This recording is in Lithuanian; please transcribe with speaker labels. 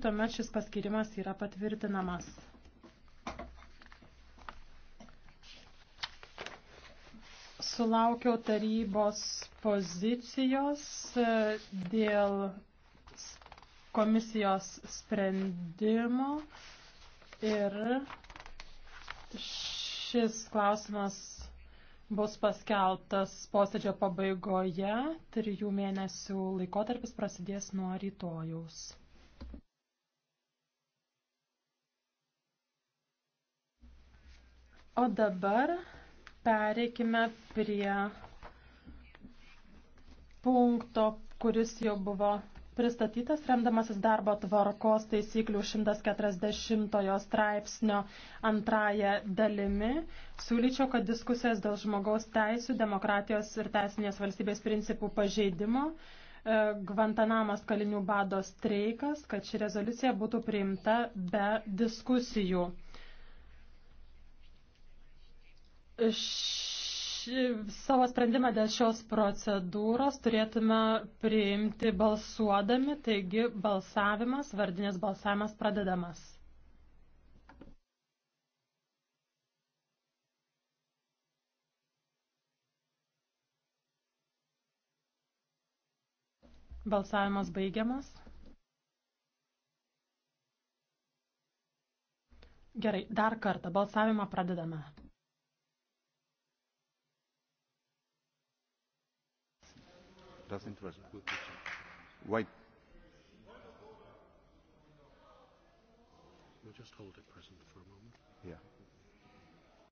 Speaker 1: tai tuomet šis paskirimas yra patvirtinamas. Sulaukiau tarybos pozicijos e, dėl komisijos sprendimo ir šis klausimas bus paskeltas posėdžio pabaigoje, trijų mėnesių laikotarpis prasidės nuo rytojaus. O dabar pereikime prie punkto, kuris jau buvo pristatytas remdamasis darbo tvarkos taisyklių 140 straipsnio antrąją dalimi. Siūlyčiau, kad diskusijas dėl žmogaus teisų, demokratijos ir teisinės valstybės principų pažeidimo, e, Gvantanamas kalinių bado streikas, kad ši rezoliucija būtų priimta be diskusijų. ši, savo sprendimą dėl šios procedūros turėtume priimti balsuodami, taigi balsavimas, vardinės balsavimas pradedamas. Balsavimas baigiamas. Gerai, dar kartą balsavimą pradedame. doesn't work. Wait. We'll just hold it present for a moment. Yeah.